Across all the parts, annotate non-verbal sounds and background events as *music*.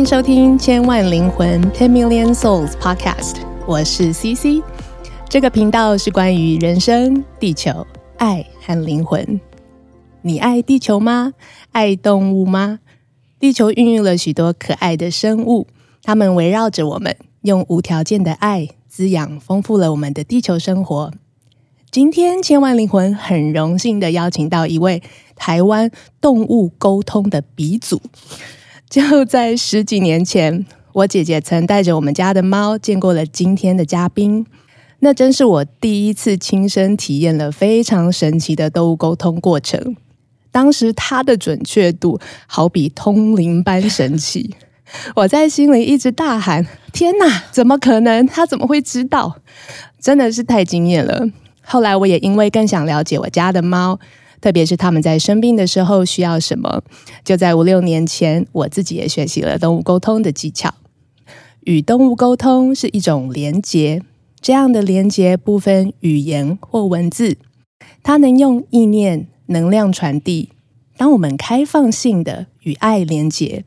歡迎收聽《千萬靈魂 Ten Million Souls Podcast》，我是 CC。這個頻道是關於人生、地球、愛和靈魂。你愛地球嗎？愛動物嗎？地球孕育了許多可愛的生物，它們圍繞着我們，用無條件的愛滋養、豐富了我們的地球生活。今天，千萬靈魂很榮幸的邀請到一位台灣動物溝通的鼻祖。就在十幾年前，我姐姐曾帶着我們家的貓見過了今天的嘉賓，那真是我第一次親身體驗了非常神奇的動物溝通過程。當時她的準確度好比通靈般神奇，我在心裡一直大喊：“天哪，怎麼可能？她怎麼會知道？”真的是太驚豔了。後來我也因為更想了解我家的貓。特別是他們在生病的時候需要什麼？就在五六年前，我自己也學習了動物溝通的技巧。與動物溝通是一種連結，這樣的連結不分語言或文字，它能用意念、能量傳遞。當我們開放性的與愛連接，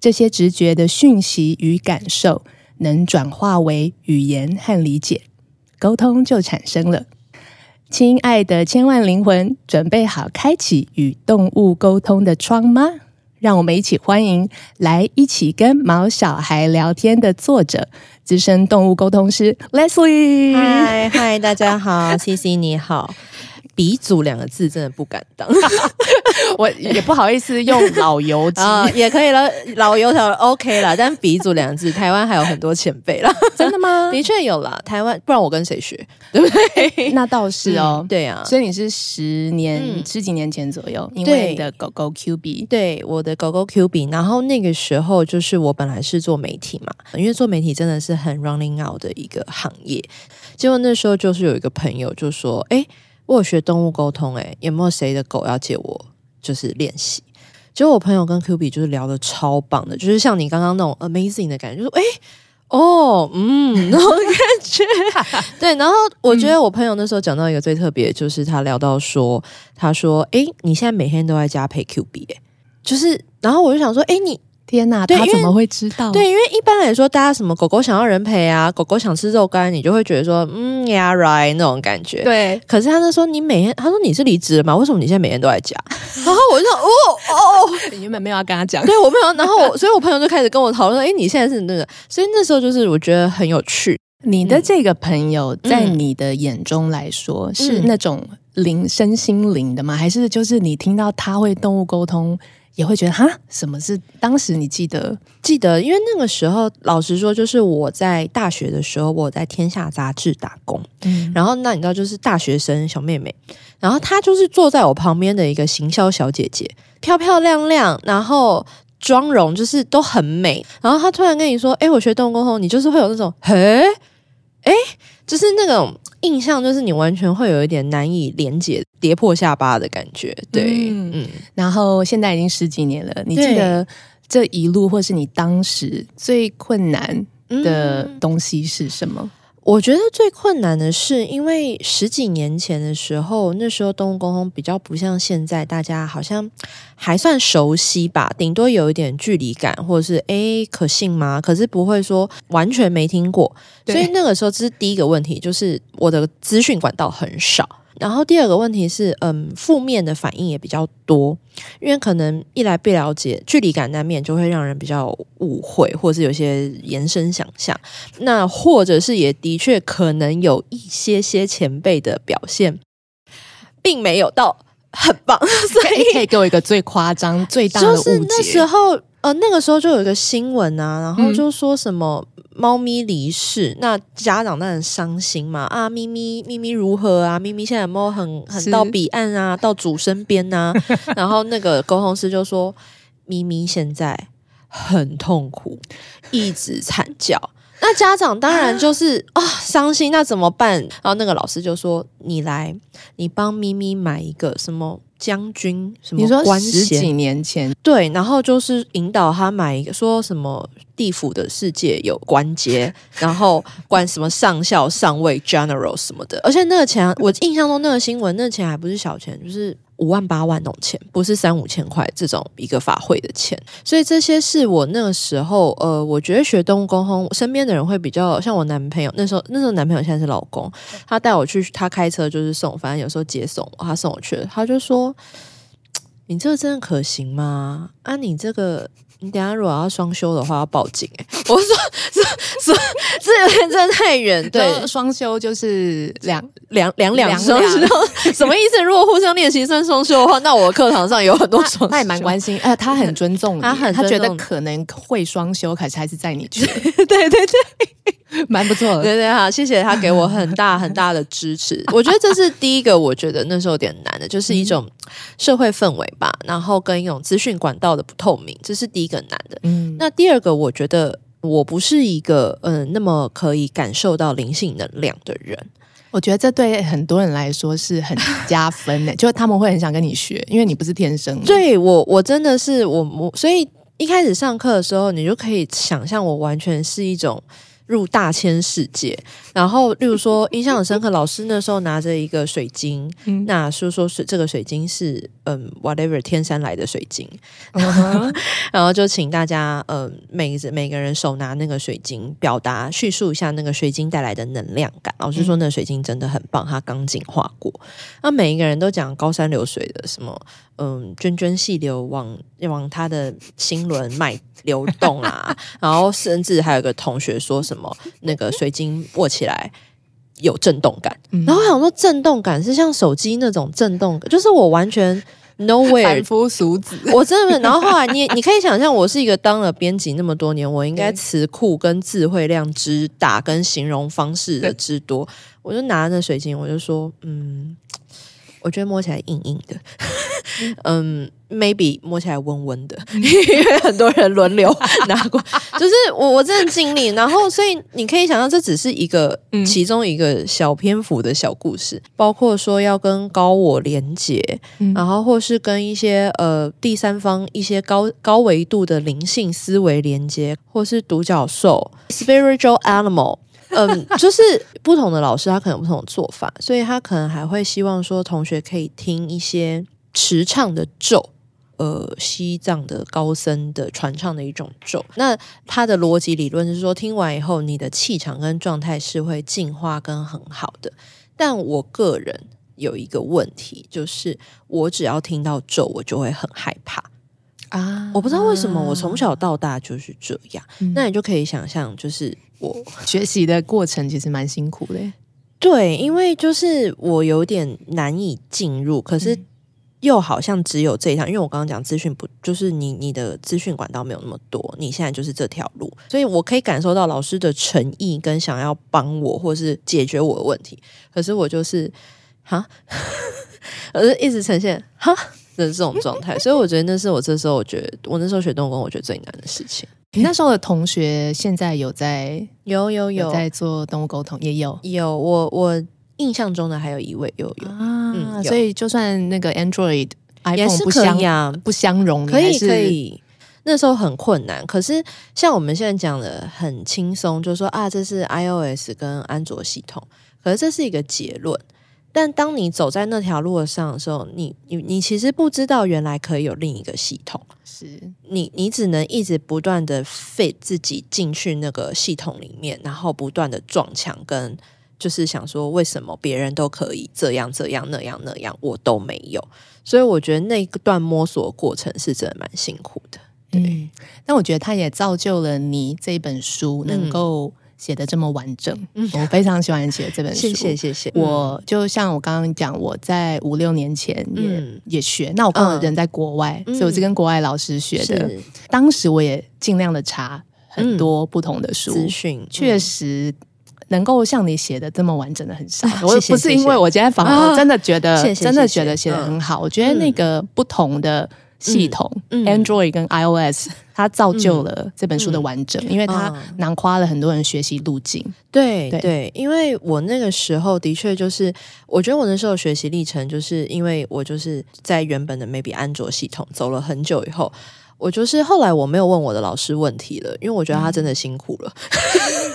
這些直覺的訊息與感受能轉化為語言和理解，溝通就產生了。親愛的千萬靈魂，準備好開啟與動物溝通的窗嗎？讓我們一起歡迎《來一起跟毛小孩聊天》的作者、資深動物溝通師 Leslie。嗨嗨，大家好 *laughs* ，CC 你好。鼻祖兩個字真的不敢當， *laughs* *laughs* 我也不好意思用老油 *laughs* 啊，也可以了，老油條 OK 了。但鼻祖兩個字，台灣還有很多前輩了， *laughs* 真的嗎？的、啊、確有啦，台灣，不然我跟誰學，對不對？ *laughs* 那倒是哦、嗯，對啊，所以你是十年、嗯、十幾年前左右，對因為你的狗狗 QB，對，我的狗狗 QB。然後那個時候就是我本來是做媒體嘛，因為做媒體真的是很 running out 的一個行業。結果那時候就是有一個朋友就說，哎。我有學動物溝通、欸，誒，有沒有誰的狗要借我？就是練習，就我朋友跟 Q B 就是聊得超棒的，就是像你剛剛那種 amazing 的感覺，就是哎、欸，哦，嗯，那種 *laughs* 感覺。 *laughs* 對，然後我覺得我朋友那時候講到一個最特別，就是他聊到說，嗯、他說，哎、欸，你現在每天都在家陪 Q B，哎、欸，就是，然後我就想說，哎、欸，你。天吶、啊，對他怎麼會知道？對，因為一般來說，大家什麼狗狗想要人陪啊，狗狗想吃肉乾，你就會覺得說，嗯呀，yeah，right 那種感覺。對。可是他就說：你每天，他說你是離職了嗎？為什麼你現在每天都在家？ *laughs* 然後我就說，哦哦，你原本沒有要跟他講，對我沒有。然後，我，所以我朋友就開始跟我討論 *laughs* 誒，哎，你現在是那個，所以那時候就是我覺得很有趣。你的這個朋友，嗯、在你的眼中來說，嗯、是那種靈、身心靈的嗎？還是就是你聽到他會動物溝通？也會覺得哈，什麼是當時你記得記得？因為那個時候，老實說，就是我在大學的時候，我在天下雜誌打工，嗯、然後那你知道，就是大學生小妹妹，然後她就是坐在我旁邊的一個行銷小姐姐，漂漂亮亮，然後妝容就是都很美，然後她突然跟你說：“哎，我學動物溝通，你就是會有那種，嘿，哎。”就是那種印象，就是你完全會有一點難以連接、跌破下巴的感覺，對。嗯嗯。然後現在已經十幾年了，對你記得這一路，或是你當時最困難的東西是什麼？嗯我覺得最困難的是，因為十幾年前的時候，那時候動物溝通比較不像現在，大家好像還算熟悉吧，頂多有一點距離感，或者是，誒，可信嗎？可是不會說完全沒聽過。對所以那個時候這是第一個問題，就是我的資訊管道很少。然後第二個問題是，嗯，負面的反應也比較多，因為可能一來不了解，距離感難免就會讓人比較誤會，或是有些延伸想象。那或者是也的確可能有一些些前輩的表現，並沒有到很棒，所以你可以給我一個最誇張、最大的誤解時候。呃，那個時候就有一個新聞啊，然後就說什麼貓咪離世，嗯、那家長當然傷心嘛，啊，咪咪咪咪如何啊，咪咪現在有沒有很很到彼岸啊，是到主身邊吶、啊？ *laughs* 然後那個溝通師就說，咪咪現在很痛苦， *laughs* 一直慘叫。那家長當然就是啊，哦、傷心。那怎麼辦？然後那個老師就說：“你來，你幫咪咪買一個什麼將軍什麼官銜？十幾年前對，然後就是引導他買一個，說什麼地府的世界有官階， *laughs* 然後管什麼上校、上尉、general 什麼的。而且那個錢，我印象中那個新聞，那個錢還不是小錢，就是。”五萬八萬那種錢，不是三五千塊這種一個法會的錢，所以這些是我那個時候，呃，我覺得學動物溝通，身邊的人會比較像我男朋友，那時候那時候男朋友現在是老公，嗯、他帶我去，他開車就是送，反正有時候接送我，他送我去，他就說：“你這個真的可行嗎？啊，你這個。”你等下如果要雙修的話要報警哎！我說說說，這有點真的太遠。對，雙修就是兩兩兩兩雙修，什麼意思？如果互相練習算雙修的話，那我課堂上有很多雙修，他也蠻關心，哎，他很尊重你，他很他覺得可能會雙修，可是還是在你去。對對對，蠻不錯的。對對好，謝謝他給我很大很大的支持。我覺得這是第一個，我覺得那時候有點難的，就是一種社會氛圍吧，然後跟一種資訊管道的不透明，這是第一。一個男的，嗯，那第二個，我覺得我不是一個，嗯、呃，那麼可以感受到靈性能量的人。我覺得這對很多人來說是很加分的，欸， *laughs* 就他們會很想跟你學，因為你不是天生的。對，我，我真的是，我，我，所以一開始上課的時候，你就可以想象我完全是一種入大千世界。然後，例如說，印象很深刻，老師那時候拿着一個水晶，嗯、那是是說說是這個水晶是嗯，whatever 天山來的水晶，哦、哈 *laughs* 然後就請大家嗯每每個人手拿那個水晶，表達敘述一下那個水晶帶來的能量感。老師說那個水晶真的很棒，它剛淨化過。那、嗯、每一個人都講高山流水的什麼，嗯，涓涓細流往往他的心輪脈流動啊， *laughs* 然後甚至還有個同學說什麼那個水晶握起來，來有震動感，嗯、然後我想說震動感是像手機那種震動，就是我完全 nowhere 凡夫俗子，我真的，然後後來你 *laughs* 你可以想象，我是一個當了編輯那麼多年，我應該詞庫跟詞彙量之大，跟形容方式的之多，對我就拿着水晶，我就說嗯。我覺得摸起來硬硬的，嗯、 *laughs* um,，maybe 摸起來溫溫的， *laughs* 因為很多人輪流拿過， *laughs* 就是我我真的經歷，然後所以你可以想象，這只是一個其中一個小篇幅的小故事，嗯、包括說要跟高我連接，嗯、然後或是跟一些呃第三方一些高高維度的靈性思維連接，或是獨角獸 spiritual animal。嗯，就是不同的老師，他可能有不同的做法，所以他可能還會希望說，同學可以聽一些持唱的咒，呃，西藏的高僧的傳唱的一種咒。那他的邏輯理論是說，聽完以後，你的氣場跟狀態是會淨化跟很好的。但我個人有一個問題，就是我只要聽到咒，我就會很害怕。啊！我不知道為什麼、啊、我從小到大就是這樣。嗯、那你就可以想象，就是我學習的過程其實蠻辛苦的。對，因為就是我有點難以進入，可是又好像只有這一趟，嗯、因為我剛剛講資訊不，就是你你的資訊管道沒有那麼多，你現在就是這條路，所以我可以感受到老師的誠意跟想要幫我，或是解決我的問題。可是我就是哈， *laughs* 我就一直呈現哈。的這種狀態，所以我覺得那是我這時候，我覺得我那時候學動物工，我覺得最難的事情。你那時候的同學現在有在有有有，有在做動物溝通，也有有。我我印象中的還有一位有有啊，嗯、有。所以就算那個 Android iP、啊、iPhone 不相不相容，可以可以。可以那時候很困難，可是像我們現在講的很輕鬆，就說啊，這是 iOS 跟安卓系統，可是這是一個結論。但當你走在那條路上的時候，你你你其實不知道原來可以有另一個系統，是你你只能一直不斷的 fit 自己進去那個系統裡面，然後不斷的撞牆，跟就是想說為什麼別人都可以這樣這樣那樣那樣，我都沒有。所以我覺得那一段摸索過程是真的蠻辛苦的。對，嗯、但我覺得它也造就了你這本書、嗯、能夠。寫的這麼完整，我非常喜歡寫這本書。謝謝謝謝。謝謝嗯、我就像我剛剛講，我在五六年前也、嗯、也學。那我剛剛人在國外，嗯、所以我是跟國外老師學的。是當時我也盡量的查很多不同的書、嗯、資訊，嗯、確實能夠像你寫的這麼完整的很少。謝謝謝謝，我不是因為我今天反而真的覺得真的覺得寫的很好，嗯、我覺得那個不同的。系統、嗯、Android 跟 iOS、嗯、它造就了這本書的完整，嗯、因為它囊括了很多人學習路徑。對、嗯、對，對對，因為我那個時候的確就是，我覺得我那時候學習歷程，就是因為我就是在原本的 Maybe 安卓系統走了很久以後，我就是後來我沒有問我的老師問題了，因為我覺得他真的辛苦了。嗯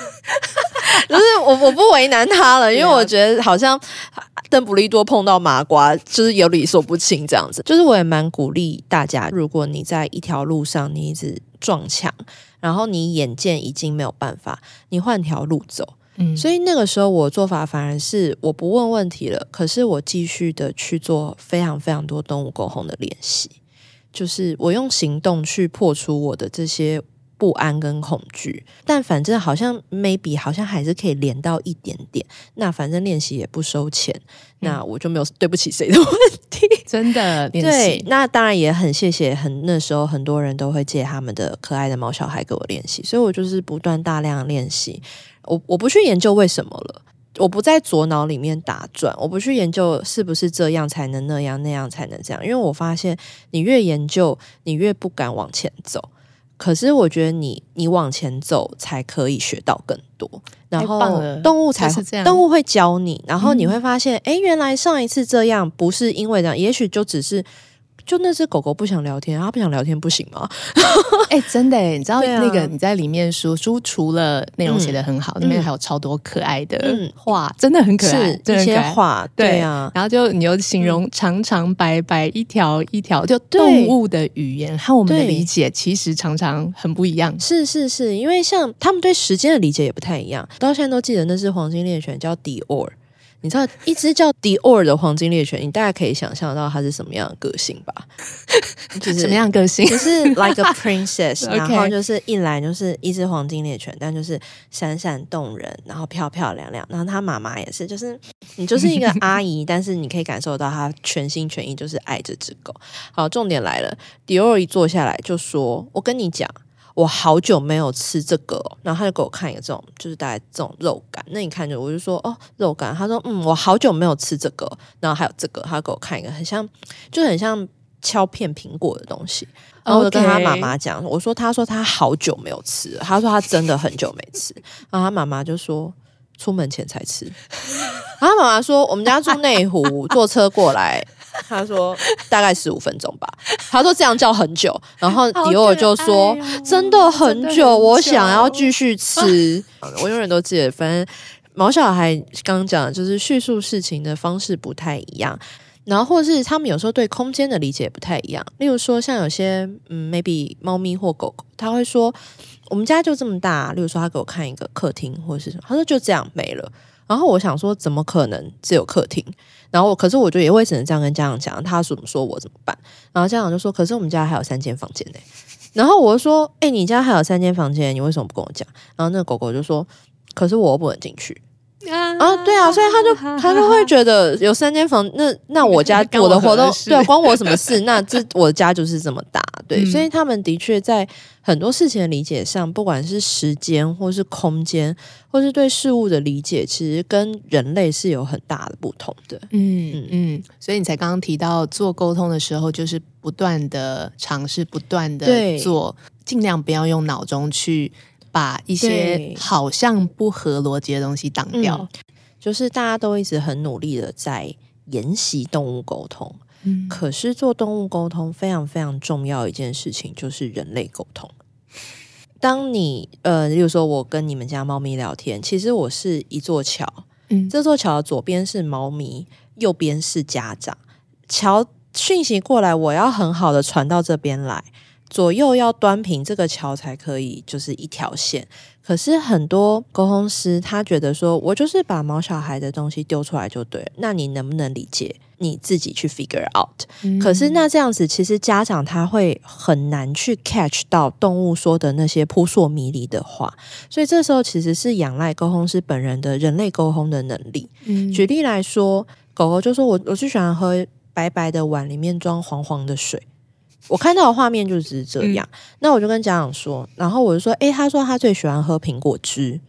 *laughs* *laughs* 就是我我不為難他了，因為我覺得好像 Yeah. 鄧布利多碰到麻瓜，就是有理說不清這樣子。就是我也蠻鼓勵大家，如果你在一條路上你一直撞牆，然後你眼見已經沒有辦法，你換條路走。嗯，所以那個時候我做法反而是我不問問題了，可是我繼續的去做非常非常多動物溝通的練習，就是我用行動去破除我的這些。不安跟恐懼，但反正好像 maybe 好像還是可以連到一點點。那反正練習也不收錢，那我就沒有對不起誰的問題。嗯、真的練習，對，那當然也很謝謝很那時候很多人都會借他們的可愛的毛小孩給我練習，所以我就是不斷大量練習。我我不去研究為什麼了，我不在左腦裡面打轉，我不去研究是不是這樣才能那樣，那樣才能這樣，因為我發現你越研究，你越不敢往前走。可是我覺得你，你往前走才可以學到更多。然後動物才會、就是、這樣，動物會教你，然後你會發現，哎、嗯欸，原來上一次這樣不是因為這樣，也許就只是。就那隻狗狗不想聊天，它不想聊天不行嗎？哎、 *laughs* 欸，真的，欸，你知道那個你在裡面書、啊、書除了內容寫得很好，嗯、裡面還有超多可愛的畫，嗯、真的很可愛，這是對些畫對，對啊。然後就你又形容長長白白一條一條，就動物的語言和我們的理解其實常常很不一樣。是是是，因為像他們對時間的理解也不太一樣。到現在都記得那是黃金獵犬，叫 Dior。你知道一隻叫 Dior 的黃金獵犬，你大概可以想象到它是什麼樣的個性吧？ *laughs* 就是什麼樣的個性？就是 like a princess， *laughs* 然後就是一來就是一隻黃金獵犬，Okay. 但就是閃閃動人，然後漂漂亮亮。然後它媽媽也是，就是你就是一個阿姨， *laughs* 但是你可以感受到她全心全意就是愛這隻狗。好，重點來了，Dior 一坐下來就說：“我跟你講。”我好久沒有吃這個，然後他就給我看一個這種，就是大概這種肉乾。那你看着，我就說哦，肉乾。他說嗯，我好久沒有吃這個，然後還有這個，他就給我看一個很像，就很像敲片蘋果的東西。然後我就跟他媽媽講，我說他說他好久沒有吃了，他說他真的很久沒吃。 *laughs* 然後他媽媽就說。出門前才吃， *laughs* 然後他媽媽說 *laughs* 我們家住內湖，坐車過來，他說大概十五分鐘吧。他 *laughs* 說這樣叫很久，然後迪歐就說帶真的很久。很久我想要繼續吃。 *laughs* 我永遠都記得，反正毛小孩剛剛講的就是敘述事情的方式不太一樣，然後或者是他們有時候對空間的理解不太一樣，例如說像有些嗯，maybe 貓咪或狗狗，他會說。我們家就這麼大，例如說他給我看一個客廳或者是什麼，他說就這樣沒了。然後我想說，怎麼可能只有客廳？然後我可是我就也會只能這樣跟家長講，他怎麼說我怎麼辦？然後家長就說，可是我們家還有三間房間呢、欸。然後我就說，哎、欸，你家還有三間房間，你為什麼不跟我講？然後那個狗狗就說，可是我不能進去。啊，對啊，所以他就他就會覺得有三間房，那那我家我的活動，對，關我什麼事？那這我家就是這麼大，對。所以他們的確在很多事情的理解上，不管是時間，或是空間，或是對事物的理解，其實跟人類是有很大的不同的。嗯嗯，所以你才剛剛提到做溝通的時候，就是不斷的嘗試，不斷的做，盡量不要用腦中去。把一些好像不合邏輯的東西擋掉。嗯，就是大家都一直很努力的在研習動物溝通。嗯。可是做動物溝通非常非常重要一件事情，就是人類溝通。當你呃，例如說我跟你們家貓咪聊天，其實我是一座橋。嗯。這座橋的左邊是貓咪，右邊是家長。橋訊息過來，我要很好的傳到這邊來。左右要端平，這個橋才可以就是一條線。可是很多溝通師他覺得說，我就是把毛小孩的東西丟出來就對。那你能不能理解？你自己去 figure out。嗯、可是那這樣子，其實家長他會很難去 catch 到動物說的那些撲朔迷離的話。所以這時候其實是仰賴溝通師本人的人類溝通的能力。嗯、舉例來說，狗狗就說我：“我我最喜歡喝白白的碗，裡面裝黃黃的水。”我看到的畫面就是這樣，嗯、那我就跟家長說，然後我就說，哎、欸，他說他最喜歡喝蘋果汁，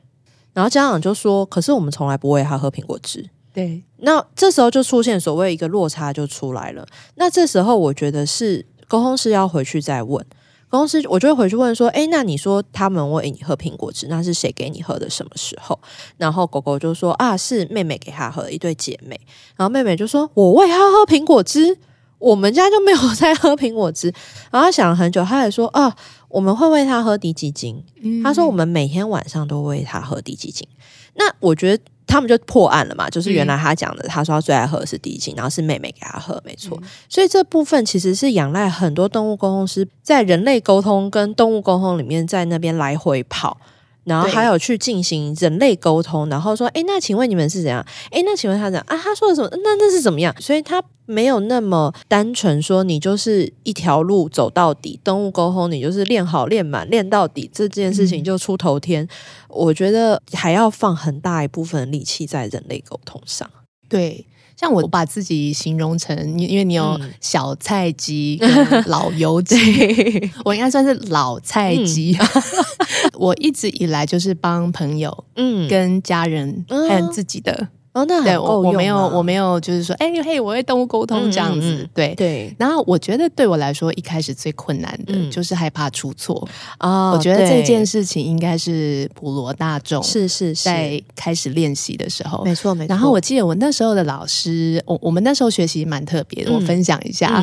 然後家長就說，可是我們從來不餵他喝蘋果汁。對，那這時候就出現所謂一個落差就出來了。那這時候我覺得是溝通師要回去再問，溝通師我就會回去問說，哎、欸，那你說他們餵你喝蘋果汁，那是誰給你喝的，什麼時候？然後狗狗就說，啊，是妹妹給他喝，一對姐妹。然後妹妹就說，我餵他喝蘋果汁。我們家就沒有在喝蘋果汁，然後想了很久，他也說啊，我們會餵他喝滴雞精。嗯、他說我們每天晚上都餵他喝滴雞精。那我覺得他們就破案了嘛，就是原來他講的，嗯、他說他最愛喝的是滴雞精，然後是妹妹給他喝，沒錯。嗯、所以這部分其實是仰賴很多動物溝通師在人類溝通跟動物溝通裡面在那邊來回跑。然後還有去進行人類溝通，對然後說，哎，那請問你們是怎樣？哎，那請問他怎樣啊？他說的什麼？那那是怎麼樣？所以他沒有那麼單純說，你就是一條路走到底，動物溝通你就是練好、練滿、練到底，這件事情就出頭天。嗯、我覺得還要放很大一部分力氣在人類溝通上。對，像我，我把自己形容成，因為你有小菜雞跟老油雞，嗯、 *laughs* 對我應該算是老菜雞。嗯 *laughs* 我一直以來就是幫朋友、嗯，跟家人還有自己的，哦，那對我我沒有我沒有就是說，哎嘿，我會動物溝通這樣子，對對。然後我覺得對我來說，一開始最困難的就是害怕出錯啊。我覺得這件事情應該是普羅大眾是是，在開始練習的時候，沒錯沒錯。然後我記得我那時候的老師，我我們那時候學習蠻特別的，我分享一下。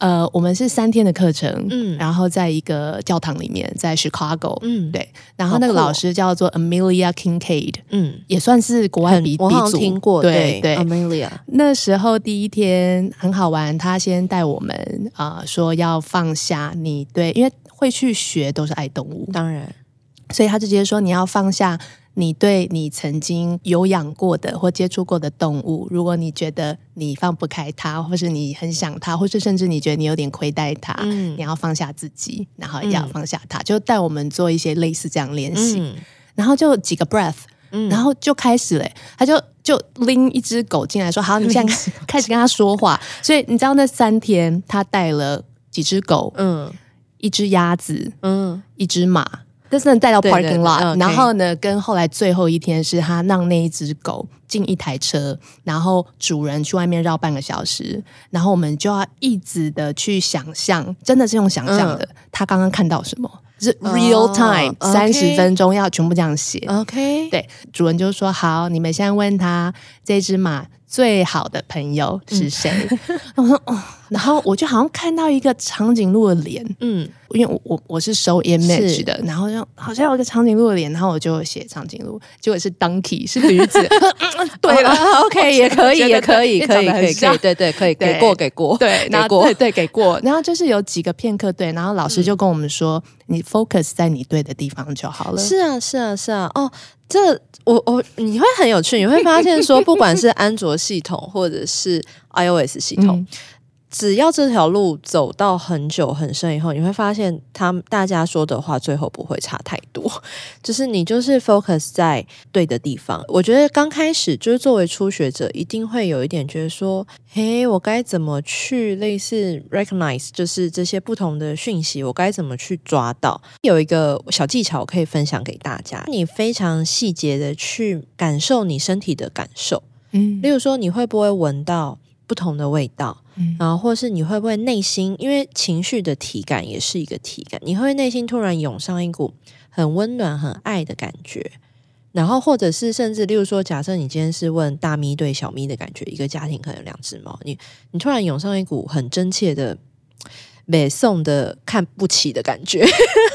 呃，我們是三天的課程，嗯，然後在一個教堂裡面，在 Chicago，嗯，對，然後那個老師叫做 Amelia Kincaid，嗯，也算是國外比，比較我好像聽過，對對，Amelia。那時候第一天很好玩，他先帶我們啊，呃，說要放下你，對，因為會去學都是愛動物，當然，所以他就直接說你要放下。你對你曾經有養過的或接觸過的動物，如果你覺得你放不開它，或是你很想它，或是甚至你覺得你有點虧待它，嗯、你要放下自己，然後也要放下它，嗯、就帶我們做一些類似這樣練習。嗯、然後就幾個 breath，、嗯、然後就開始嘞，他就就拎一隻狗進來，說：“好，你現在開始開始跟他說話。嗯”所以你知道那三天他帶了幾隻狗，嗯，一隻鴨子，嗯，一隻馬。就是帶到 parking lot，呢然後呢，okay 跟後來最後一天是他讓那一隻狗進一台車，然後主人去外面繞半個小時，然後我們就要一直的去想象，真的是用想象的，嗯、他剛剛看到什麼，是 real time 三十、Oh, okay 分鐘要全部這樣寫，OK，對，主人就說好，你們先問他這隻馬。最好的朋友是誰？我說哦，然後我就好像看到一個長頸鹿的臉，嗯，因為我我是收 image 的，然後就好像有一個長頸鹿的臉，然後我就寫長頸鹿，結果是 donkey 是驢子，對了，OK 也可以，也可以，可以，可以，對對，可以給過給過，對，給過對給過，然後就是有幾個片刻對，然後老師就跟我們說，你 focus 在你對的地方就好了，是啊是啊是啊，哦。這，我我你會很有趣，你會發現說，不管是安卓系統或者是 iOS 系統。嗯只要這條路走到很久很深以後，你會發現，他大家說的話最後，不會差太多，就是你就是 focus 在對的地方。我覺得剛開始就是作為初學者，一定會有一點覺得說，嘿，我該怎麼去類似 recognize 就是這些不同的訊息，我該怎麼去抓到？有一個小技巧，我可以分享給大家。你非常細節的去感受你身體的感受，嗯，例如說你會不會聞到？不同的味道，嗯，然後，或是你會不會內心，因為情緒的體感也是一個體感，你會,會內心突然湧上一股很溫暖、很愛的感覺，然後，或者是甚至，例如說，假設你今天是問大咪對小咪的感覺，一個家庭可能有兩只貓，你你突然湧上一股很真切的蔑視的看不起的感覺，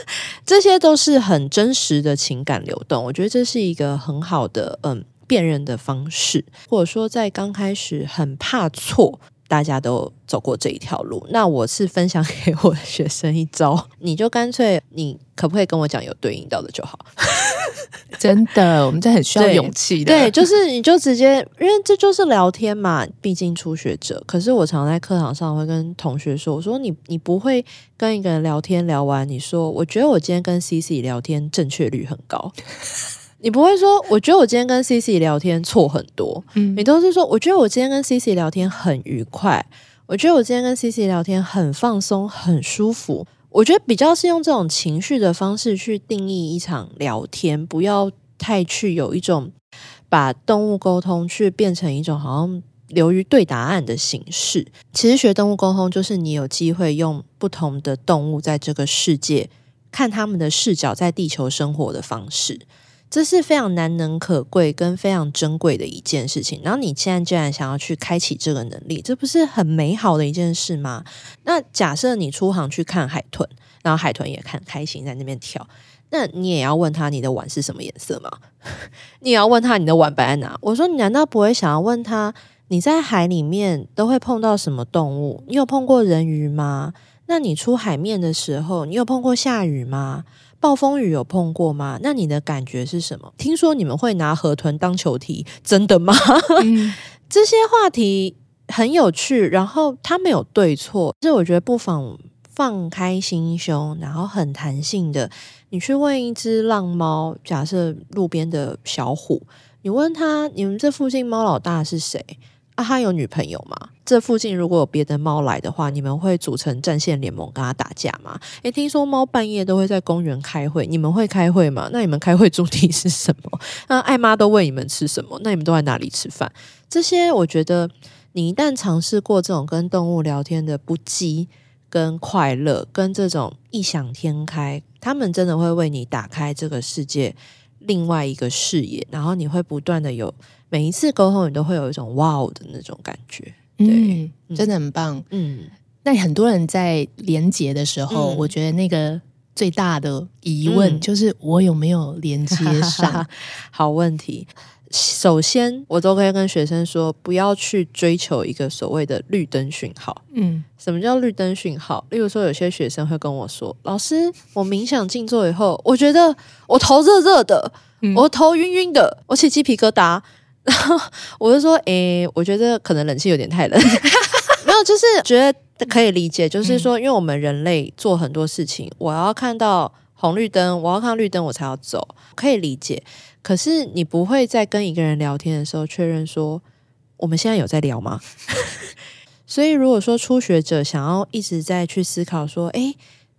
*laughs* 這些都是很真實的情感流動。我覺得這是一個很好的，嗯。辨認的方式，或者說在剛開始很怕錯，大家都走過這一條路。那我是分享給我的學生一招， *laughs* 你就乾脆你可不可以跟我講有對應到的就好？ *laughs* 真的， *laughs* 我們這很需要勇氣的對。對，就是你就直接，因為這就是聊天嘛，畢竟初學者。可是我常在課堂上會跟同學說：“我說你，你不會跟一個人聊天聊完，你說我覺得我今天跟 CC 聊天正確率很高。” *laughs* 你不會說，我覺得我今天跟 CC 聊天錯很多，嗯，你都是說，我覺得我今天跟 CC 聊天很愉快，我覺得我今天跟 CC 聊天很放鬆，很舒服。我覺得比較是用這種情緒的方式去定義一場聊天，不要太去有一種把動物溝通去變成一種好像流於對答案的形式。其實學動物溝通，就是你有機會用不同的動物在這個世界看他們的視角，在地球生活的方式。這是非常難能可貴跟非常珍貴的一件事情。然後你現在竟然想要去開啟這個能力，這不是很美好的一件事嗎？那假設你出航去看海豚，然後海豚也看開心在那邊跳，那你也要問他你的碗是什麼顏色嗎？ *laughs* 你也要問他你的碗擺在哪？我說你難道不會想要問他你在海裡面都會碰到什麼動物？你有碰過人魚嗎？那你出海面的時候，你有碰過下雨嗎？暴風雨有碰過嗎？那你的感覺是什麼？聽說你們會拿河豚當球踢，真的嗎？ *laughs* 嗯。這些話題很有趣，然後它沒有對錯，這我覺得不妨放開心胸，然後很彈性的，你去問一隻浪貓，假設路邊的小虎，你問他，你們這附近貓老大是誰？啊，他有女朋友嗎？這附近如果有別的貓來的話，你們會組成戰線聯盟跟他打架嗎？誒，聽說貓半夜都會在公園開會，你們會開會嗎？那你們開會主題是什麼？那愛媽都餵你們吃什麼？那你們都在哪裡吃飯？這些我覺得，你一旦嘗試過這種跟動物聊天的不羈、跟快樂、跟這種異想天開，他們真的會為你打開這個世界另外一個視野，然後你會不斷的有。每一次溝通，你都會有一種哇、wow、哦的那種感覺，對，嗯、真的很棒。嗯，那很多人在連接的時候，嗯、我覺得那個最大的疑問就是我有沒有連接上？嗯、 *laughs* 好問題。首先，我都會跟學生說，不要去追求一個所謂的綠燈訊號。嗯，什麼叫綠燈訊號？例如說，有些學生會跟我說：“老師，我冥想靜坐以後，我覺得我頭熱熱的，嗯、我頭暈暈的，我起雞皮疙瘩。”然後 *laughs* 我就說，誒、欸，我覺得可能冷氣有點太冷， *laughs* 沒有，就是覺得可以理解。就是說，因為我們人類做很多事情，嗯、我要看到紅綠燈，我要看綠燈我才要走，可以理解。可是你不會在跟一個人聊天的時候確認說，我們現在有在聊嗎？ *laughs* 所以，如果說初學者想要一直在去思考說，誒、欸，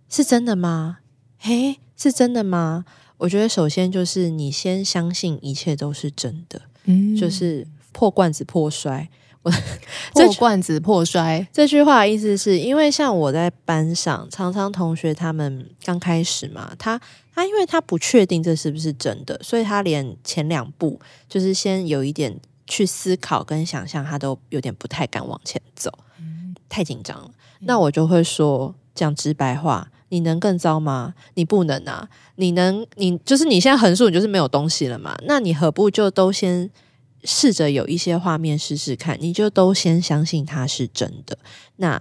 是真的嗎？誒、欸，是真的嗎？我覺得首先就是你先相信一切都是真的。嗯、就是破罐子破摔，我破罐子破摔 *laughs* 這句話的意思是因為像我在班上，常常同學他們剛開始嘛，他他因為他不確定這是不是真的，所以他連前兩步就是先有一點去思考跟想象，他都有點不太敢往前走，嗯、太緊張了。嗯、那我就會說這樣直白話。你能更糟嗎？你不能啊！你能，你就是你現在橫豎你就是沒有東西了嘛。那你何不就都先試着有一些畫面試試看？你就都先相信它是真的。那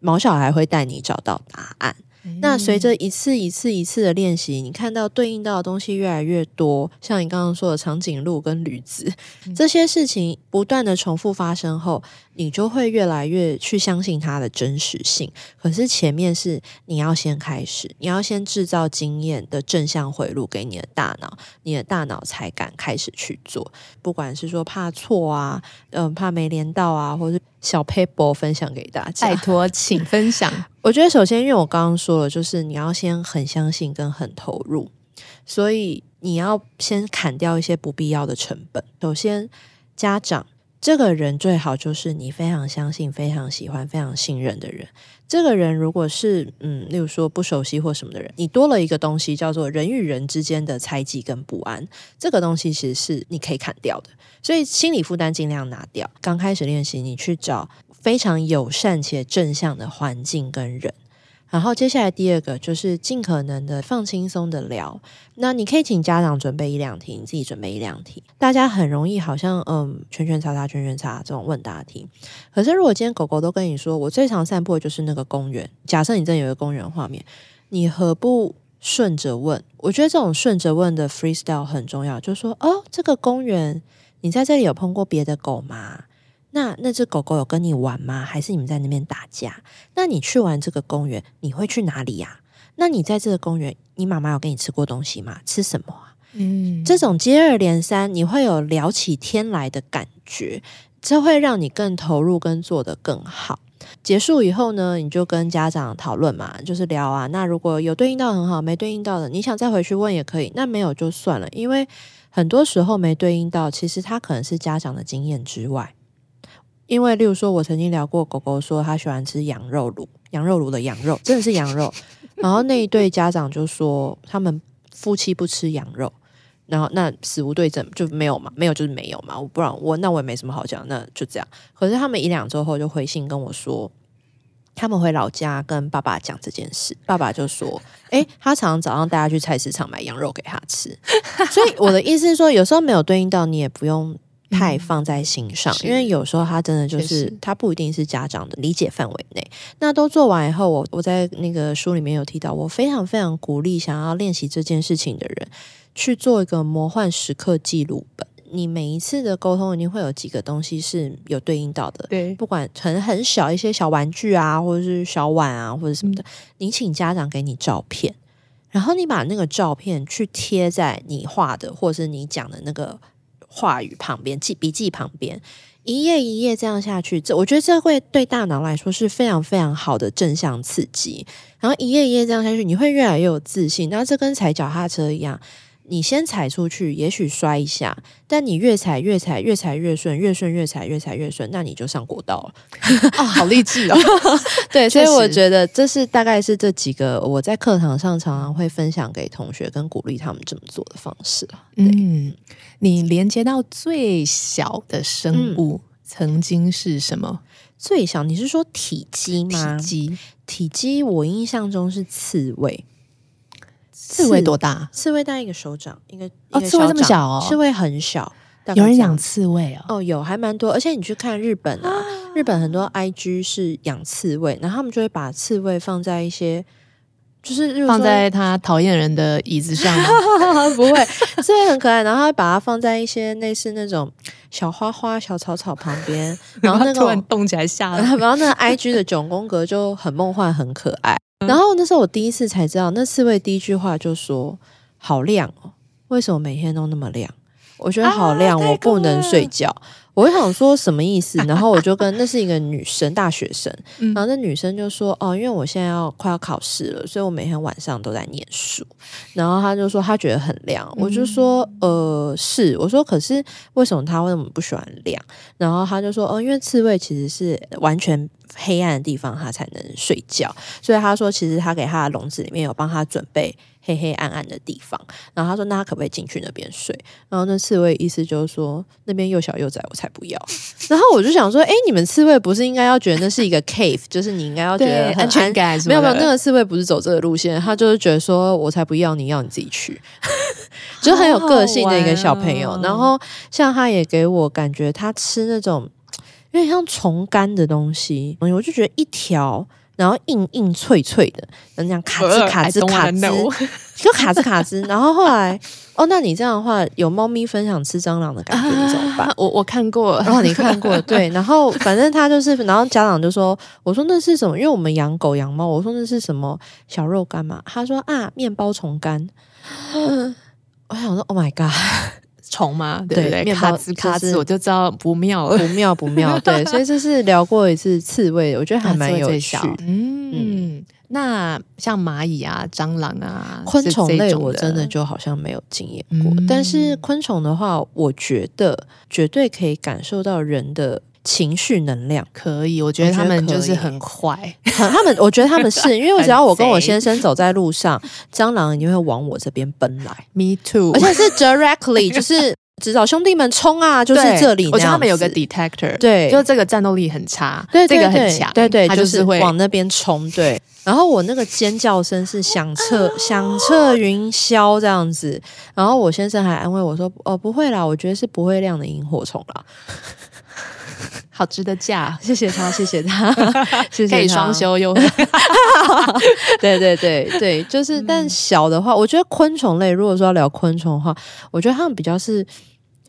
毛小孩會帶你找到答案。嗯。那隨着一次一次一次的練習，你看到對應到的東西越來越多，像你剛剛說的長頸鹿跟驢子這些事情不斷的重複發生後。你就會越來越去相信它的真實性。可是前面是你要先開始，你要先製造經驗的正向迴路給你的大腦，你的大腦才敢開始去做。不管是說怕錯啊，嗯，怕沒連到啊，或是小撇步分享給大家，拜託，請分享。 *laughs* 我覺得首先，因為我剛剛說了，就是你要先很相信跟很投入，所以你要先砍掉一些不必要的成本。首先，家長。這個人最好就是你非常相信、非常喜歡、非常信任的人。這個人如果是嗯，例如說不熟悉或什麼的人，你多了一個東西叫做人與人之間的猜忌跟不安。這個東西其實是你可以砍掉的，所以心理負擔盡量拿掉。剛開始練習，你去找非常友善且正向的環境跟人。然後接下來第二個就是盡可能的放輕鬆的聊，那你可以請家長準備一兩題，你自己準備一兩題，大家很容易好像嗯，圈圈叉叉，圈圈叉這種問答題。可是如果今天狗狗都跟你說，我最常散步的就是那個公園，假設你這有一個公園畫面，你何不順着問？我覺得這種順着問的 freestyle 很重要，就是說哦，這個公園，你在這裡有碰過別的狗嗎？那那隻狗狗有跟你玩嗎？還是你們在那邊打架？那你去完這個公園，你會去哪裡呀？啊？那你在這個公園，你媽媽有跟你吃過東西嗎？吃什麼？啊？嗯，這種接二連三，你會有聊起天來的感覺，這會讓你更投入跟做得更好。結束以後呢，你就跟家長討論嘛，就是聊啊。那如果有對應到很好，沒對應到的，你想再回去問也可以。那沒有就算了，因為很多時候沒對應到，其實它可能是家長的經驗之外。因為，例如說，我曾經聊過狗狗，說他喜歡吃羊肉爐，羊肉爐的羊肉真的是羊肉。然後那一對家長就說，他們夫妻不吃羊肉。然後那死無對證，就沒有嘛，沒有就是沒有嘛。我不然我那我也沒什麼好講，那就這樣。可是他們一兩週後就回信跟我說，他們回老家跟爸爸講這件事，爸爸就說，誒，他常常早上帶他去菜市場買羊肉給他吃。所以我的意思是說，有時候沒有對應到，你也不用。太放在心上，嗯、因為有時候他真的就是確實。他不一定是家長的理解範圍內。那都做完以後，我我在那個書裡面有提到，我非常非常鼓勵想要練習這件事情的人去做一個魔幻時刻記錄本。你每一次的溝通，一定會有幾個東西是有對應到的。對，不管很很小一些小玩具啊，或者是小碗啊，或者什麼的，嗯、你請家長給你照片，然後你把那個照片去貼在你畫的或是你講的那個。話語旁邊，記筆記旁邊，一頁一頁這樣下去，這我覺得這會對大腦來說是非常非常好的正向刺激。然後一頁一頁這樣下去，你會越來越有自信。然後這跟踩腳踏車一樣。你先踩出去，也許摔一下，但你越踩越踩越踩越順，越順越踩越踩越順，那你就上國道了啊、 *laughs* 哦！好勵志哦！ *laughs* 對，就是、所以我覺得這是大概是這幾個我在課堂上常常會分享給同學跟鼓勵他們這麼做的方式對。嗯，你連接到最小的生物、嗯、曾經是什麼？最小？你是說體積嗎？體積？體積？我印象中是刺蝟。刺蝟多大？刺蝟大概一個手掌，一個哦，一個手掌刺蝟這麼小哦，刺蝟很小。有人養刺蝟哦。哦，有還蠻多。而且你去看日本啊，啊日本很多 I G 是養刺蝟，然後他們就會把刺蝟放在一些，就是放在他討厭人的椅子上。哈哈哈，不會，刺蝟很可愛，然後他會把它放在一些類似那種小花花、小草草旁邊。然後那個突然動起來嚇了。然後那 I G 的九宮格就很夢幻，很可愛。然後那時候我第一次才知道，那刺蝟第一句話就說：“好亮哦，為什麼每天都那麼亮？”我覺得好亮，啊、我不能睡覺。 *laughs* 我就想說什麼意思？然後我就跟那是一個女生，大學生。嗯、然後那女生就說：“哦，因為我現在要快要考試了，所以我每天晚上都在念書。”然後她就說她覺得很亮，我就說：“呃，是。”我說：“可是為什麼她為什麼不喜歡亮？”然後她就說：“哦，因為刺蝟其實是完全。”黑暗的地方，它才能睡覺。所以他說，其實他給他的籠子裡面有幫他準備黑黑暗暗的地方。然後他說，那他可不可以進去那邊睡？然後那刺蝟意思就是說，那邊又小又窄，我才不要。然後我就想說，哎，你們刺蝟不是應該要覺得那是一個 cave，就是你應該要覺得很安，安全感什麼的？沒有沒有，那個刺蝟不是走這個路線，他就是覺得說我才不要，你要你自己去， *laughs* 就很有個性的一個小朋友。好好玩啊、然後像他也給我感覺，他吃那種。因為像蟲乾的東西，我就覺得一條，然後硬硬脆脆的，這樣卡茲卡茲卡茲，啊、就卡茲卡茲，然後後來 *laughs* 哦，那你這樣的話有貓咪分享吃蟑螂，的感覺怎麼辦，走吧、啊。我我看過了，哦，你看過了對，然後反正他就是，然後家長就說，我說那是什麼？因為我們養狗養貓，我說那是什麼小肉乾嘛？他說啊，麵包蟲乾。 *laughs* 我想說，Oh my god！蟲嗎？對，咔吱咔吱，我就知道不妙，不妙，不妙。對， *laughs* 所以就是聊過一次刺蝟，我覺得還蠻有趣。嗯、啊、嗯，嗯，那像螞蟻啊、蟑螂啊，昆蟲類我真的就好像沒有經驗過。嗯、但是昆蟲的話，我覺得絕對可以感受到人的。情緒能量可以，我覺得他們就是很快。他們，我覺得他們是因為只要我跟我先生走在路上，蟑螂一定會往我這邊奔來。Me too，而且是 directly，就是只找兄弟們衝啊！就是這裡，我覺得他們有個 detector，對，就這個戰鬥力很差，對，這個很強，對對，他就是會往那邊衝。對，然後我那個尖叫聲是響徹響徹雲霄這樣子。然後我先生還安慰我說：“哦，不會啦，我覺得是不會亮的螢火蟲啦。”好值得嫁， *laughs* 謝謝他，謝謝他，謝謝他，可以雙休又。 *laughs* *laughs* *laughs* 對對對對，對，就是，嗯、但小的話，我覺得昆蟲類，如果說要聊昆蟲的話，我覺得他們比較是，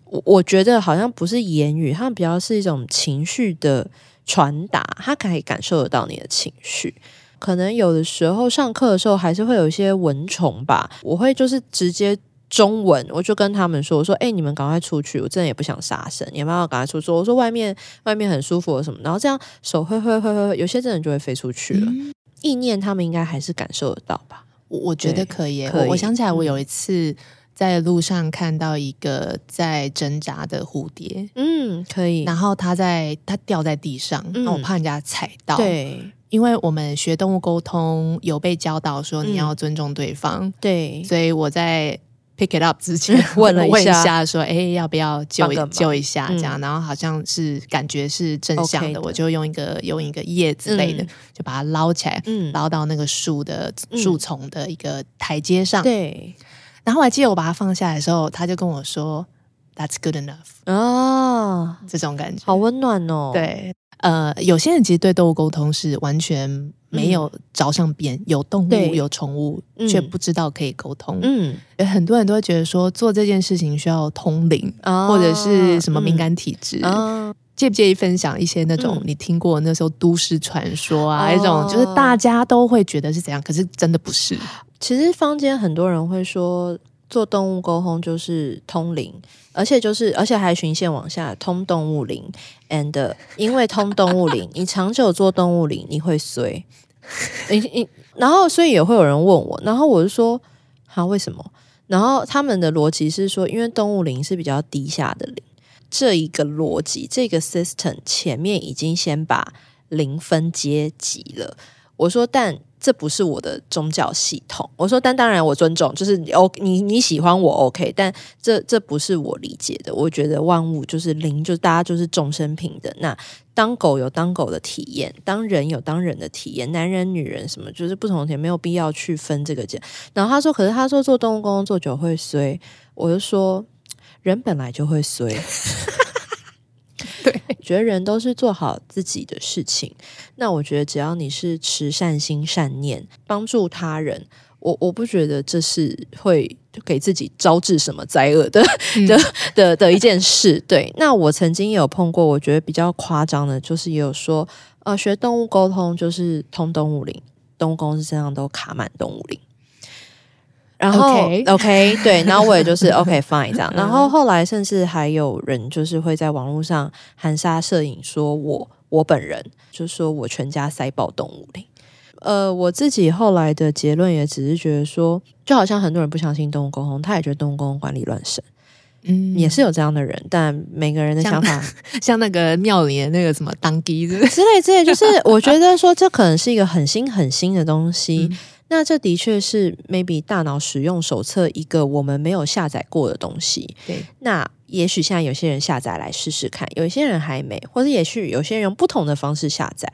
我我覺得好像不是言語，他們比較是一種情緒的傳達，他可以感受得到你的情緒。可能有的時候上課的時候，還是會有一些蚊蟲吧，我會就是直接。中文，我就跟他們說：“我說，哎、欸，你們趕快出去！我真的也不想殺生，也不要趕快出去。我說外面外面很舒服什麼？然後這樣手揮揮揮揮，有些真的就會飛出去了。嗯、意念他們應該還是感受得到吧？我，我覺得可以。可以。我，我想起來，我有一次在路上看到一個在掙扎的蝴蝶，嗯，可以。然後它在它掉在地上，然後我怕人家踩到。對、嗯，因為我們學動物溝通有被教導說你要尊重對方，對、嗯，所以我在。Pick it up 之前 *laughs* 問了一我問一下說，說、欸、哎要不要救一救一下，這樣，嗯、然後好像是感覺是正向的，okay、的我就用一個用一個葉子類的，嗯、就把它撈起來，嗯、撈到那個樹的樹叢的一個台階上。嗯、對，然後我還記得我把它放下來的時候，他就跟我說 "That's good enough" 哦，這種感覺好溫暖哦。對，呃，有些人其實對動物溝通是完全。沒有着上邊，有動物對有寵物，卻不知道可以溝通。嗯，很多人都會覺得說做這件事情需要通靈，哦、或者是什麼敏感體質。嗯、介不介意分享一些那種、嗯、你聽過那時候都市傳說啊？一、哦、種就是大家都會覺得是怎樣，可是真的不是。其實坊間很多人會說做動物溝通就是通靈，而且就是而且還循線往下通動物靈，and 因為通動物靈，你長久做動物靈，你會衰。 *laughs* 嗯嗯、然後所以也會有人問我，然後我就說他、啊、為什麼？然後他們的邏輯是說，因為動物靈是比較低下的靈，這一個邏輯，這個 system 前面已經先把靈分階級了。我說，但。這不是我的宗教系統，我說，但當然我尊重，就是你你喜歡我 OK，但這這不是我理解的，我覺得萬物就是靈，就大家就是眾生平等。那當狗有當狗的體驗，當人有當人的體驗，男人女人什麼就是不同的，沒有必要去分這個。然後他說，可是他說做動物工作久會衰，我就說人本來就會衰。 *laughs* 對，覺得人都是做好自己的事情。那我覺得只要你是持善心善念，幫助他人，我我不覺得這是會給自己招致什麼災厄的、嗯、的的的一件事。對， *laughs* 那我曾經有碰過，我覺得比較誇張的，就是也有說、呃，學動物溝通就是通動物靈，動物公是這樣都卡滿動物靈。然後 okay. OK 對，然後我也就是 *laughs* OK fine 這樣。然後後來甚至還有人就是會在網絡上含沙射影說我我本人就是說我全家塞爆動物園。呃，我自己後來的結論也只是覺得說，就好像很多人不相信動物溝通，他也覺得動物溝通怪力亂神，嗯，也是有這樣的人。但每個人的想法，像，像那個廟裡的那個什麼當機之類之類，就是我覺得說這可能是一個很新很新的東西。嗯那這的確是 maybe 大腦使用手冊一個我們沒有下載過的東西。對，那也許現在有些人下載來試試看，有些人還沒，或者也許有些人用不同的方式下載。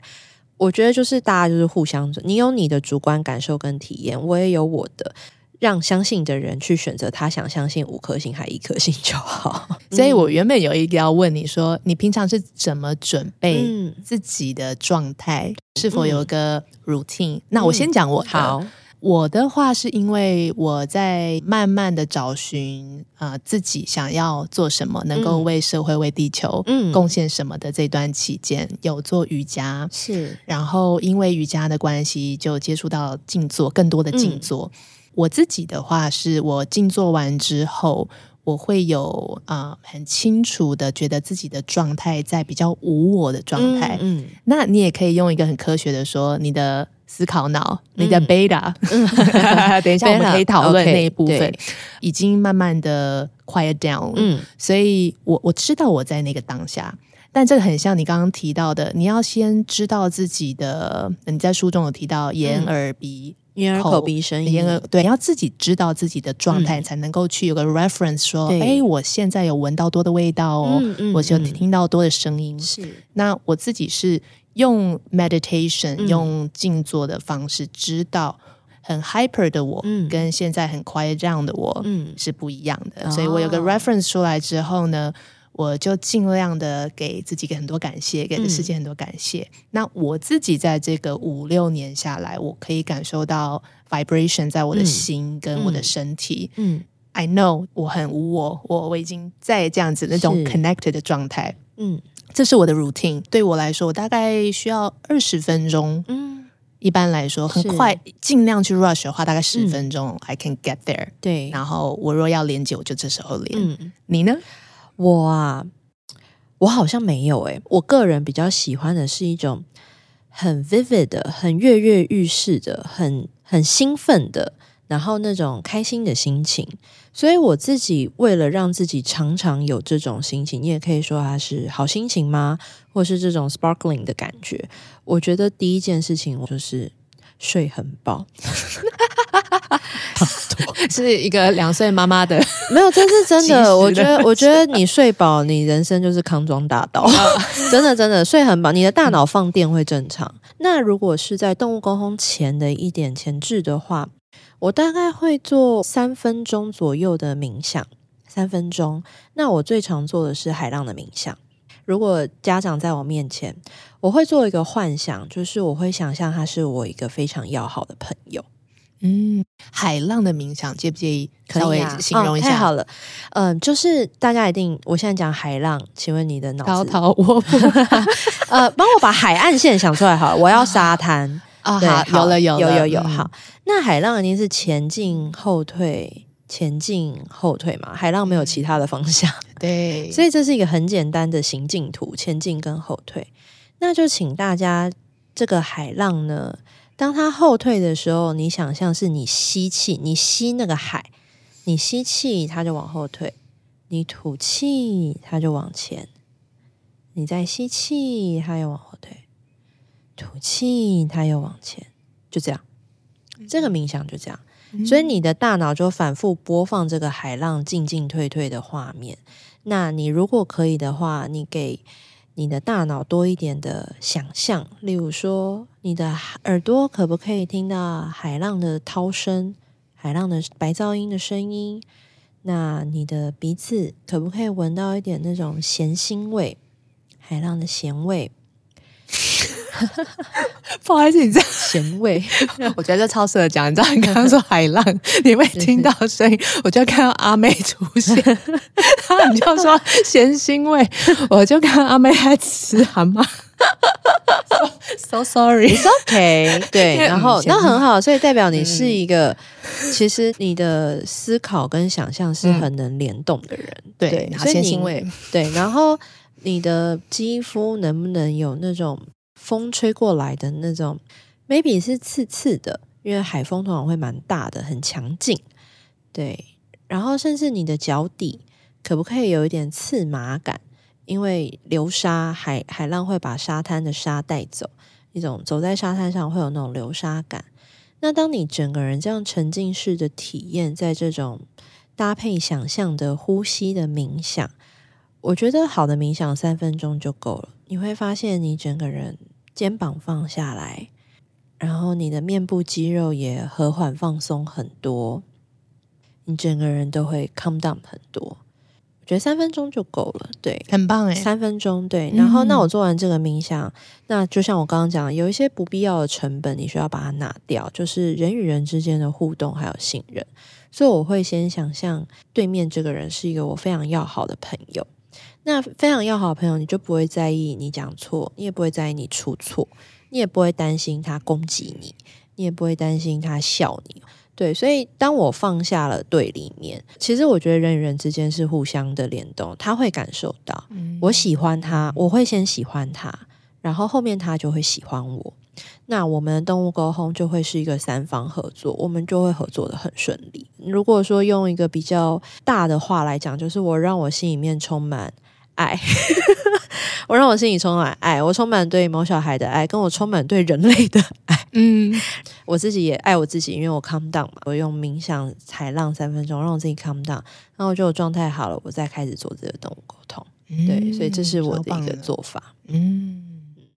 我覺得就是大家就是互相，你有你的主觀感受跟體驗，我也有我的。讓相信的人去選擇他想相信五顆星還一顆星就好。 *laughs* 所以，我原本有一個要問你說，你平常是怎麼準備自己的狀態？嗯、是否有個 routine？、嗯、那我先講我的。好。我的話是因為我在慢慢的找尋啊、呃，自己想要做什麼，能夠為社會、為地球、嗯、貢獻什麼的這段期間，有做瑜伽，是。然後，因為瑜伽的關係，就接觸到靜坐，更多的靜坐。嗯我自己的話是，我靜坐完之後，我會有啊、呃，很清楚的覺得自己的狀態在比較無我的狀態。嗯，嗯那你也可以用一個很科學的說，你的思考腦，嗯、你的 beta，等一下我們可以討論那一部分、哦 okay、已經慢慢的 quiet down 了。嗯，所以我我知道我在那個當下，但這個很像你剛剛提到的，你要先知道自己的。你在書中有提到眼耳鼻。嗯嬰兒口鼻聲音，對，你要自己知道自己的狀態，嗯、才能夠去有個 reference，說，哎對、欸，我現在有聞到多的味道哦，嗯嗯嗯、我就聽到多的聲音。是，那我自己是用 meditation，、嗯、用靜坐的方式，知道很 hyper 的我，嗯、跟現在很 quiet 這樣的我，嗯、是不一樣的。啊、所以我有個 reference 出來之後呢。我就盡量的給自己給很多感謝，給世界很多感謝。嗯、那我自己在這個五六年下來，我可以感受到 vibration 在我的心跟我的身體。嗯，嗯，I know 我很無我，我我已經在這樣子那種 connected 的狀態。嗯，這是我的 routine。對我來說，我大概需要二十分鐘。嗯，一般來說很快，是盡量去 rush 的話，大概十分鐘。嗯、I can get there。對，然後我若要連接我就這時候連。嗯，你呢？我啊，我好像沒有誒、欸。我個人比較喜歡的是一種很 vivid 的，很躍躍欲試的，很很興奮的，然後那種開心的心情。所以我自己為了讓自己常常有這種心情，你也可以說它是好心情嗎？或是這種 sparkling 的感覺。我覺得第一件事情我就是。睡很飽， *laughs* 是一個兩歲媽媽的， *laughs* 沒有，這是真的，我覺得， *laughs* 我覺得你睡飽，你人生就是康莊大道， *laughs* 哦、 *laughs* 真的，真的，睡很飽，你的大腦放電會正常。嗯、那如果是在動物溝通前的一點前置的話，我大概會做三分鐘左右的冥想，三分鐘。那我最常做的是海浪的冥想。如果家長在我面前，我會做一個幻想，就是我會想象他是我一個非常要好的朋友。嗯，海浪的冥想，介不介意可以形容一下？啊哦、太好了，嗯，就是大家一定，我現在講海浪，請問你的腦子高桃？我不， *laughs* 呃，幫我把海岸線想出來好了，我要沙灘啊，對哦、好，有了，有有有有，好，那海浪一定是前進後退。前進後退嘛，海浪沒有其他的方向，嗯、對，所以這是一個很簡單的行進圖，前進跟後退。那就請大家，這個海浪呢，當它後退的時候，你想象是你吸氣，你吸那個海，你吸氣它就往後退，你吐氣它就往前，你再吸氣它又往後退，吐氣它又往前，就這樣，這個冥想就這樣。所以你的大腦就反覆播放這個海浪進進退退的畫面。那你如果可以的話，你給你的大腦多一點的想象，例如說，你的耳朵可不可以聽到海浪的濤聲、海浪的白噪音的聲音？那你的鼻子可不可以聞到一點那種鹹腥味、海浪的鹹味。 *laughs* 不好意思，你這樣鹹味，我覺得這超適合講。你知道，你剛剛說海浪，你會聽到聲音，我就看到阿妹出現，這是 *laughs* 然後你就說鹹腥味，我就看阿妹還吃蛤蟆。So, so sorry，OK，It's、okay. 對，然後那很好，所以代表你是一個，嗯、其實你的思考跟想象是很能聯動的人，嗯、對，鹹腥味，對，然後你的肌膚能不能有那種？風吹過來的那種，maybe 是刺刺的，因為海風通常會蠻大的，很強勁。對，然後甚至你的腳底可不可以有一點刺麻感？因為流沙海海浪會把沙灘的沙帶走，一種走在沙灘上會有那種流沙感。那當你整個人這樣沉浸式的體驗，在這種搭配想象的呼吸的冥想，我覺得好的冥想三分鐘就夠了，你會發現你整個人。肩膀放下來，然後你的面部肌肉也和緩放鬆很多，你整個人都會 calm down 很多。我覺得三分鐘就夠了，對，很棒哎，三分鐘，對。然後那我做完這個冥想，嗯哼，那就像我剛剛講的，有一些不必要的成本，你需要把它拿掉，就是人與人之間的互動還有信任。所以我會先想象對面這個人是一個我非常要好的朋友。那非常要好的朋友，你就不會在意你講錯，你也不會在意你出錯，你也不會擔心他攻擊你，你也不會擔心他笑你。對，所以當我放下了對立面，其實我覺得人與人之間是互相的聯動，他會感受到我喜歡他，嗯，我會先喜歡他，然後後面他就會喜歡我。那我們的動物溝通就會是一個三方合作，我們就會合作的很順利。如果說用一個比較大的話來講，就是我讓我心裡面充滿愛， *laughs* 我讓我心裡充滿愛，我充滿對毛小孩的愛，跟我充滿對人類的愛。嗯，我自己也愛我自己，因為我 calm down 嘛我用冥想海浪三分鐘，讓我自己 calm down，然後就狀態好了，我再開始做這個動物溝通。嗯、對，所以這是我的一個做法。嗯。